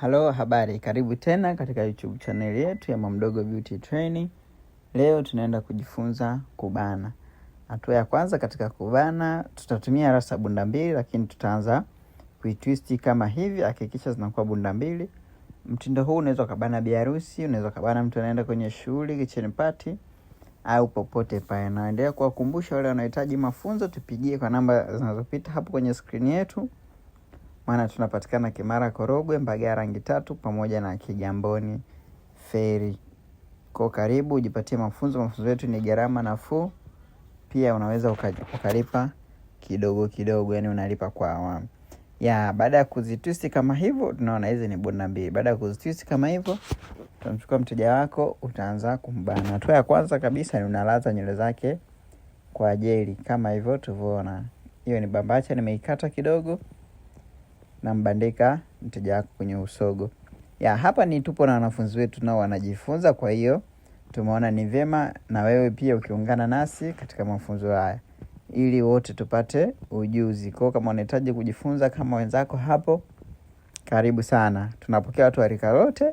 Halo, habari, karibu tena katika YouTube channel yetu ya Mamdogo Beauty Training. Leo tunaenda kujifunza kubana. Hatua ya kwanza katika kubana, tutatumia rasa bunda mbili, lakini tutaanza kuitwist kama hivi. Hakikisha zinakuwa bunda mbili. Mtindo huu unaweza ukabana biharusi, unaweza kubana mtu anaenda kwenye shughuli, kitchen party au popote pale. Naendelea kuwakumbusha wale wanaohitaji mafunzo, tupigie kwa namba zinazopita hapo kwenye screen yetu maana tunapatikana Kimara, Korogwe, Mbagala rangi tatu pamoja na Kigamboni Feri. Kwa karibu ujipatie mafunzo. Mafunzo yetu ni gharama nafuu, pia unaweza ukalipa kidogo kidogo, yani unalipa kwa awamu. Ya baada ya kuzitwist kama hivyo, tunaona hizi ni bunda mbili. Baada ya kuzitwist kama hivyo, utamchukua mteja wako, utaanza kumbana. Hatua ya kwanza kabisa ni unalaza nywele zake kwa jeli kama hivyo tuvyoona. Hiyo ni bambacha, nimeikata kidogo na mbandika mteja wako kwenye usogo. Ya, hapa ni tupo na wanafunzi wetu nao wanajifunza, kwa hiyo tumeona ni vyema na wewe pia ukiungana nasi katika mafunzo haya ili wote tupate ujuzi. Kwa kama unahitaji kujifunza kama wenzako hapo, karibu sana. Tunapokea watu wa rika lote,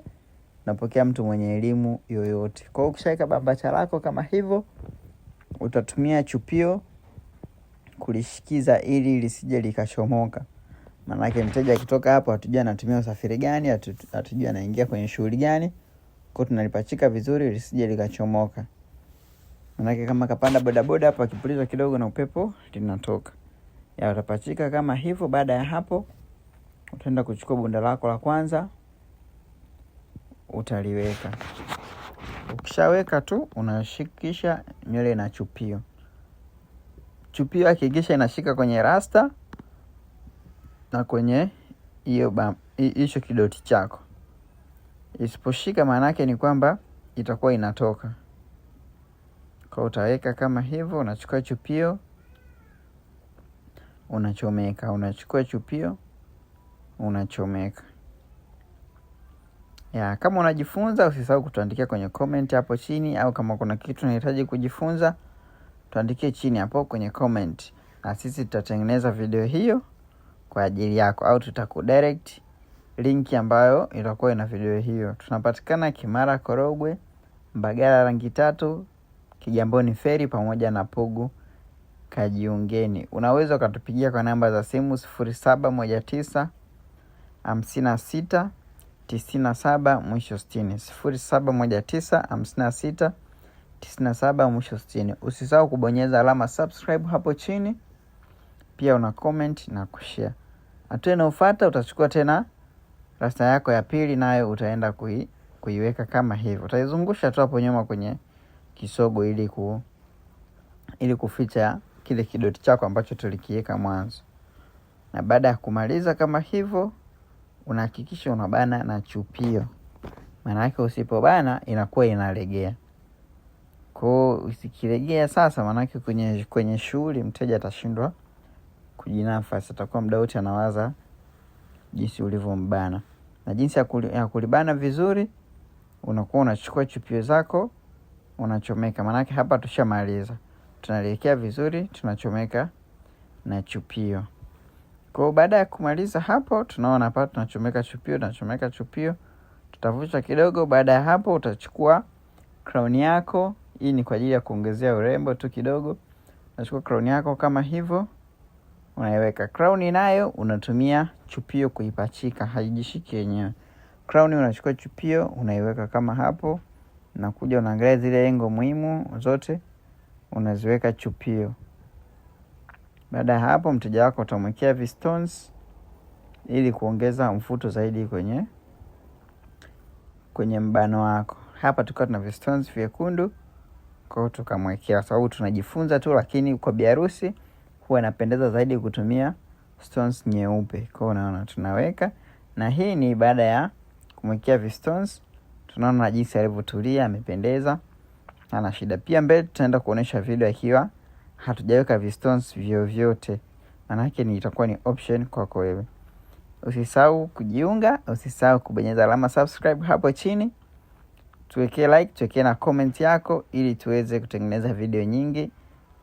tunapokea mtu mwenye elimu yoyote. Kwa hiyo ukishaweka bambacha lako kama hivyo, utatumia chupio kulishikiza ili lisije likachomoka Maanake mteja akitoka hapo hatujui anatumia usafiri gani, hatujui anaingia kwenye shughuli gani. Kwa tunalipachika vizuri lisije likachomoka. manake kama kapanda bodaboda hapo akipuliza kidogo na upepo linatoka. Ya utapachika kama hivyo. Baada ya hapo utaenda kuchukua bunda lako la kwanza utaliweka. Ukishaweka tu unashikisha nywele na chupio. Chupio inashika kwenye rasta na kwenye hiyo hicho kidoti chako. Isiposhika maana yake ni kwamba itakuwa inatoka kwa, utaweka kama hivyo, unachukua chupio unachomeka, unachukua chupio unachomeka. Ya, kama unajifunza usisahau kutuandikia kwenye comment hapo chini, au kama kuna kitu unahitaji kujifunza tuandikie chini hapo kwenye comment, na sisi tutatengeneza video hiyo kwa ajili yako, au tutakudirect linki ambayo itakuwa ina video hiyo. Tunapatikana Kimara Korogwe, Mbagala rangi tatu, Kigamboni Feri pamoja na Pugu. Kajiungeni. Unaweza ukatupigia kwa namba za simu sifuri saba moja tisa hamsini na sita tisini na saba mwisho sitini sifuri saba moja tisa hamsini na sita tisini na saba mwisho sitini. Usisahau kubonyeza alama subscribe hapo chini, pia una comment na kushare. Hatua inayofuata utachukua tena rasta yako ya pili, nayo utaenda kui, kuiweka kama hivyo. Utaizungusha tu hapo nyuma kwenye kisogo ili ku, ili kuficha kile kidoti chako ambacho tulikiweka mwanzo. Na baada ya kumaliza kama hivyo, unahakikisha unabana na chupio, maana yake usipobana inakuwa inalegea. Kwa hiyo usikilegea sasa, maanake kwenye, kwenye shughuli mteja atashindwa kujinafasi, atakuwa mda wote anawaza jinsi ulivyombana na jinsi ya kulibana vizuri. Unakuwa unachukua chupio zako unachomeka, maanake hapa tushamaliza, tunaliwekea vizuri, tunachomeka na chupio. Kwa baada ya kumaliza hapo, tunaona hapa tunachomeka chupio, tunachomeka chupio, tutavuta kidogo. Baada ya hapo, utachukua crown yako. Hii ni kwa ajili ya kuongezea urembo tu kidogo. Unachukua crown yako kama hivyo unaiweka. Crown nayo unatumia chupio kuipachika, haijishiki yenyewe. Crown unachukua chupio unaiweka kama hapo, na kuja unaangalia zile engo muhimu zote unaziweka chupio. Baada ya hapo, mteja wako utamwekea vistones ili kuongeza mfuto zaidi kwenye kwenye mbano wako. Hapa tukiwa tuna vistones vyekundu, kwa hiyo tukamwekea, sababu tunajifunza tu, lakini kwa biharusi huwa inapendeza zaidi kutumia stones nyeupe. Kwa hiyo unaona tunaweka, na hii ni baada ya kumwekea vi stones. Tunaona jinsi alivyotulia, amependeza, ana shida. Pia mbele tutaenda kuonesha video akiwa hatujaweka vi stones vyovyote, manake ni itakuwa ni option kwako wewe. Usisahau kujiunga, usisahau kubonyeza alama subscribe hapo chini, tuwekee like, tuwekee na comment yako ili tuweze kutengeneza video nyingi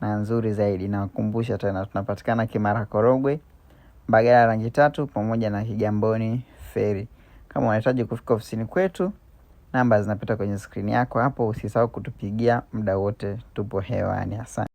na nzuri zaidi. Nawakumbusha tena, tunapatikana Kimara Korogwe, Mbagala rangi tatu, pamoja na Kigamboni Feri. Kama unahitaji kufika ofisini kwetu, namba zinapita kwenye skrini yako hapo. Usisahau kutupigia muda wote, tupo hewani. Asante.